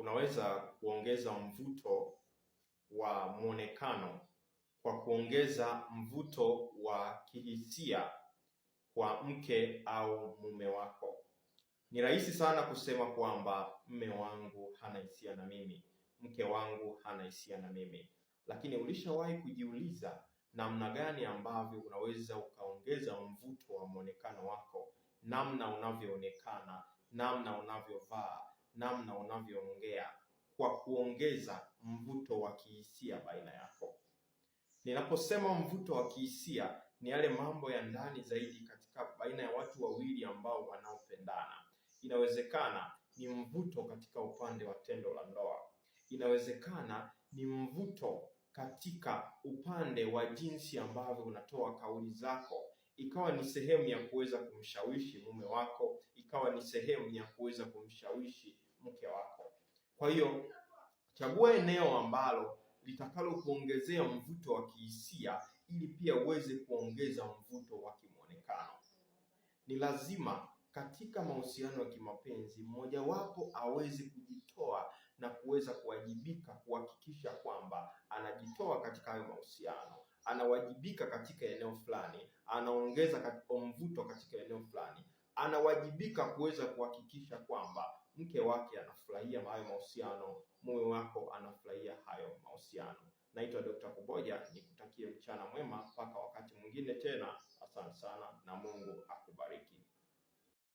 unaweza kuongeza mvuto wa mwonekano kwa kuongeza mvuto wa kihisia kwa mke au mume wako. Ni rahisi sana kusema kwamba mme wangu hana hisia na mimi, mke wangu hana hisia na mimi, lakini ulishawahi kujiuliza namna gani ambavyo unaweza ukaongeza mvuto wa mwonekano wako, namna unavyoonekana, namna unavyovaa namna unavyoongea kwa kuongeza mvuto wa kihisia baina yako. Ninaposema mvuto wa kihisia ni yale mambo ya ndani zaidi katika baina ya watu wawili ambao wanaopendana. Inawezekana ni mvuto katika upande wa tendo la ndoa, inawezekana ni mvuto katika upande wa jinsi ambavyo unatoa kauli zako ikawa ni sehemu ya kuweza kumshawishi mume wako, ikawa ni sehemu ya kuweza kumshawishi mke wako. Kwa hiyo chagua eneo ambalo litakalo kuongezea mvuto wa kihisia ili pia uweze kuongeza mvuto wa kimwonekano. Ni lazima katika mahusiano ya kimapenzi mmojawapo aweze kujitoa na kuweza kuwajibika kuhakikisha kwamba anajitoa katika hayo mahusiano, anawajibika katika eneo fulani anaongeza mvuto katika eneo fulani, anawajibika kuweza kuhakikisha kwamba mke wake anafurahia hayo mahusiano, mume wako anafurahia hayo mahusiano. Naitwa Dr. Kuboja, nikutakie mchana mwema mpaka wakati mwingine tena. Asante sana na Mungu akubariki.